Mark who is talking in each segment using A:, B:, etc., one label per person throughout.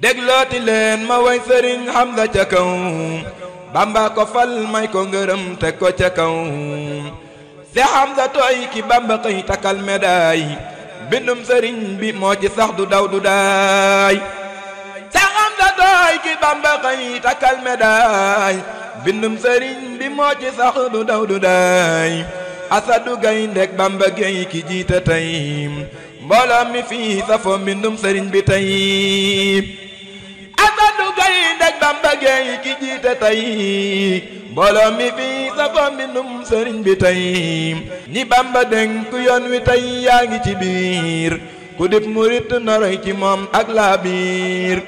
A: déglooti leen ma way sëriñ Hamza ca kaw bamba ko fal may ko ngërëm teg ko ca kaw si Hamza tooy ki bamba koy takkal médaay bindum sëriñ bi moo ci sax du daw du daay si Hamza tooy ki bamba koy takkal médaay bindum sëriñ bi moo ci sax du daw du daay asadu gayndeg bamba géy ki jiite tey mbooloo mi fii safoo mbindum sëriñ bi tey daj Bamba geey ki jiite tey bi tey ñi Bamba dénk yoon wi tey yaa ngi ci biir ku murit noroy ci moom ak laa biir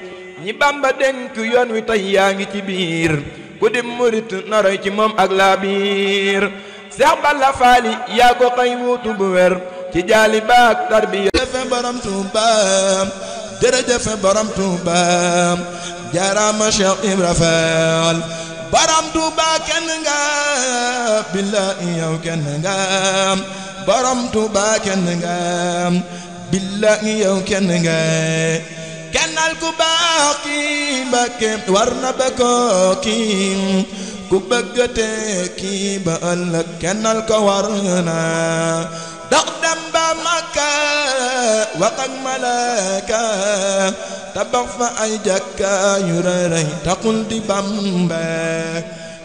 A: ñi Bamba dénk yoon wi tey yaa ngi ci biir ku dib murit noroy ci moom ak laa biir Seex Balla Faali yaa ko xëy wuutu bu wér ci jaali baak tarbiya jërëjëf borom Tuuba jërëjëf borom jaaraama Cheikh Ibra Fall borom Tuuba kenn nga billaahi yow kenn nga borom Tuuba kenn nga billaahi yow kenn nga kennal ku baax kii Mbàkke war na ba ko kii ku bëgg te kii ba ëllëg kennal ko war na dox dem ba Makka wax ak malaaka tabax fa ay jàkka yu rëy rëy di Bamba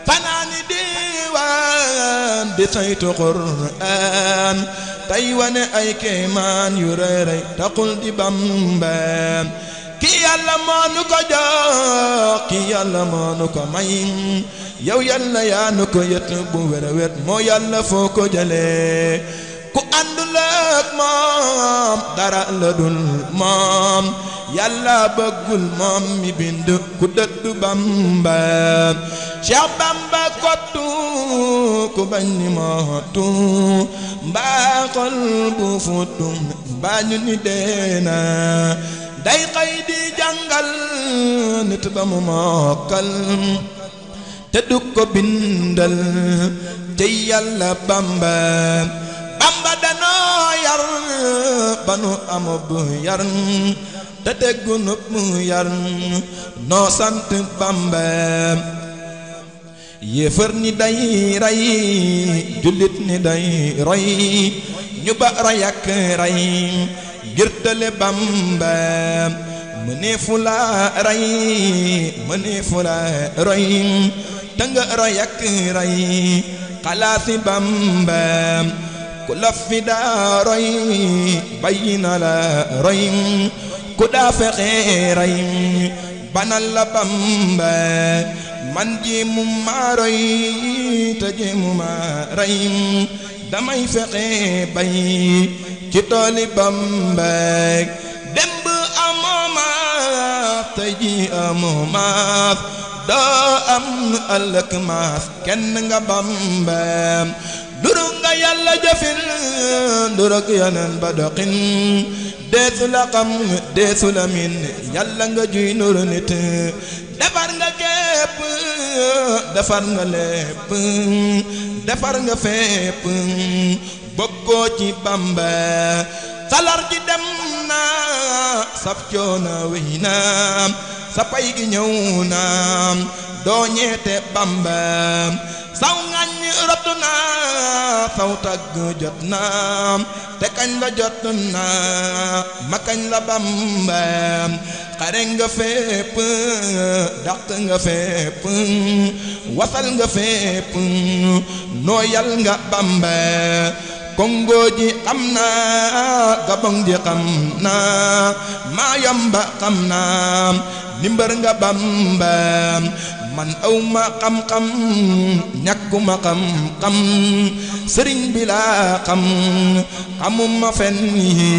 A: fanaani diiwaan di saytu Qur'aan tey wane ay kéemaan yu rëy rëy taxul di Bamba ki yàlla moo nu ki yàlla moo nu ko may yow yàlla bu wér moo yàlla foo ko jëlee ku àndula dara la dul moom yàlla bëggul moom mi bind ku dëddu bamba Cheikh bamba kottu ku bañ ni mootu mbaa xol bu futu mbaa ñu ni deena day xëy di jàngal nit ba mu mokkal te du bindal te yàlla bamba ba nu amub yar te déggu nub mu yar noo sant Bamba ni day rey jullit ni day roy ñu ba rey rey ngir tële mëneefu la rey mëneefu la roy te roy ak rey xalaasi Bamba ku laf fi daa roy bay na la roy ku daa fexe roy banal la Bamba man jéemu ma roy te jéemu ma roy damay fexe bay ci tooli Bamba démb amoo maas tey jii amoo maas doo am ëllëg maas kenn nga Bamba la yàlla jëfil ndurug yonen ba doxin deesu xam deesu la yàlla nga juy nuru nit defar nga képp defar nga lépp defar nga fépp bokkoo ci Bamba salar gi dem na sab coona wéy na sa gi ñëw na doo ñeete Bamba faw tàgg jot na te kañ la jot na ma kañ la Bamba xare nga fépp dàq nga fépp wasal nga fépp nooyal nga Bamba Kongo xam naa Gabon ji xam naa Mayomba xam naa ndimbër nga Bamba man aw ma xam-xam ñàkkuma xam-xam sëriñ bi laa xam xamuma fen yi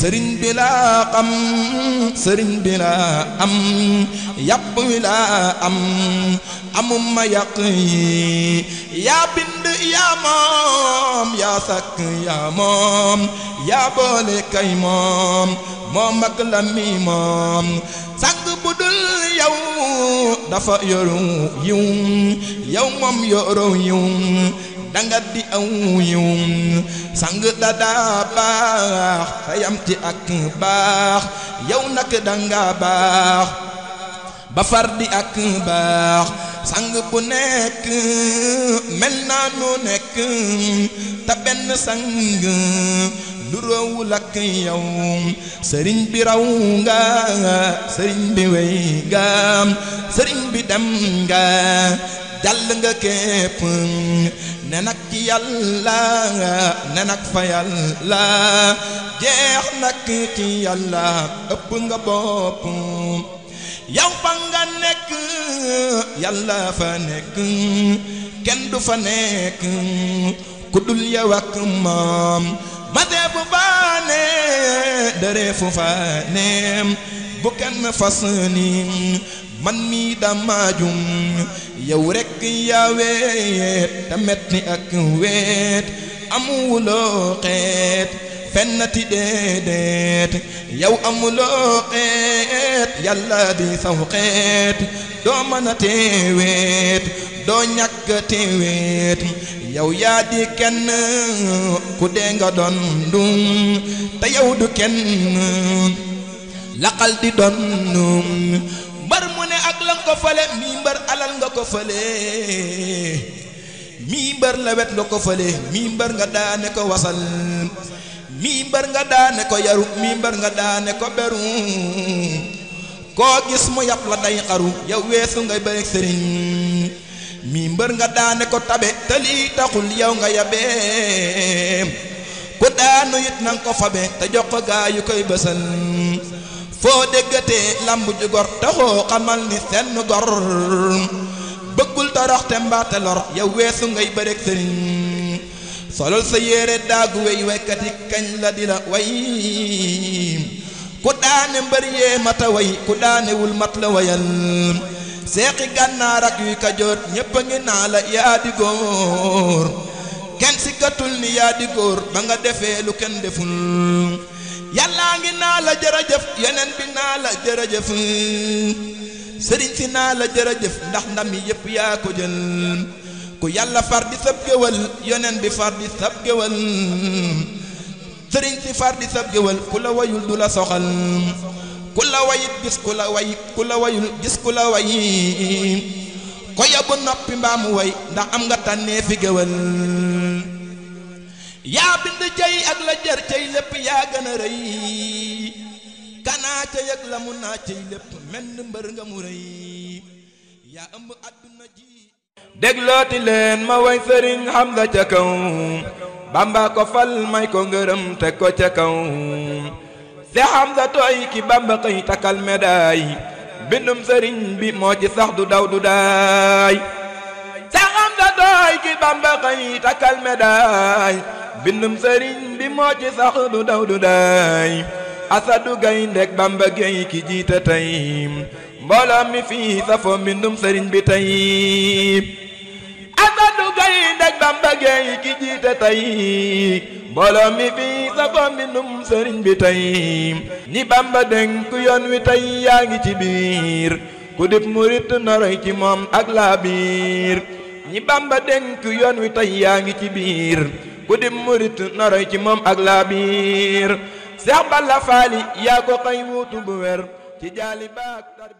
A: sëriñ bi laa xam sëriñ bi laa am yàpp wi laa am amuma yàq yi yaa bind yaa moom yaa sàkk yaa boole kay moom moom ak la mi yow dafa yoru yiw yow moom yoru yiw danga di aw yiw sang dadaa baax te yamti ak baax yow nak danga baax ba far di ak baax sang bu nekk mel naa nu nekk te sang lu roowul ak yow sëriñ bi raw nga sëriñ bi wey nga sëriñ bi dem nga jàll nga képp ne ci yàlla ne fa yàlla jeex nag ci yàlla ëpp nga bopp yow fa nga nekk yàlla fa nekk kenn du fa nekk ku dul yow ak moom mate bu baane dëree fu faane bu kenn fas ni man mi damaajum yow rekk yaa weet te metti ak weet amuloo xeet fennati déedéet yow amuloo xeet yàlla di saw xeet doo mën teeweet doo ñàkk teeweet yaw yaa di kenn ku nga doon dum te yow du kenn laqal di doon dum mbar mu ne ak lan ko fale mii mbar alal nga ko fale mii mbar lawet nga ko fale ko wasal mii mbar nga daane ko yaru mii mbar nga daane ko beru koo gis mu yàpp la day xaru yow weesu ngay bëri sëriñ mii mbër nga daane ko tabe te lii taxul yow nga yabee ku daanu nanga ko fabe te jox ko gaa yu koy bësal foo déggatee lamb ju gor taxoo xamal ni senn gor bëggul torox te mbaate lor yow weesu ngay bëreg sëriñ solol sa yére daagu wey waykati kañ la di la way ku daane mbër yee mata way ku daanewul mat la wayal seexi gànnaar ak yuy kajoor ñépp a ngi naa la yaa góor kenn sikkatul ni yaa góor ba nga defee lu kenn deful yàllaa ngi naa la jërëjëf yeneen bi naa la jërëjëf sëriñ si naa la jërëjëf ndax ndam yi yépp yaa jël ku yàlla far di sab géwal yeneen bi far di sab géwal sëriñ si far di sab géwal ku la wayul du la soxal ku la wayit gis ku la way gis ku la way ko yabu noppi mbaamu way ndax am nga tànnee fi géwël yaa bind jëy ak la jër cëy lépp yaa gën a rëy kanaa ca yëg la mun naa cëy lépp menn mbër nga mu rëy yaa ëmb àdduna ji déglooti ma way sëriñ Hamza ca kaw Bamba ko fal may ko ngërëm te ko ca kaw si Hamza tooy ki Bamba xëy takkal médaay sëriñ bi moo ci sax du daw du daay si Hamza tooy ki Bamba xëy takkal médaay bindum sëriñ bi moo ci sax du daw du daay asadu gayndeg Bamba géey ki jiita tey mbooloo mi fii safoo mbindum sëriñ bi tey asadu gayndeg Bamba géey ki jiita tey mbooloo mi fii safoo mbindum sëriñ bi tey ñi bamba dénk yoon wi tey yaa ngi ci biir ku dib murit noroy ci moom ak laa biir ñi bamba dénk yoon wi tey yaa ngi ci biir ku dib murit noroy ci moom ak laa biir Seex Balla Faali yaa ko xëy wuutu bu wér ci jaali baak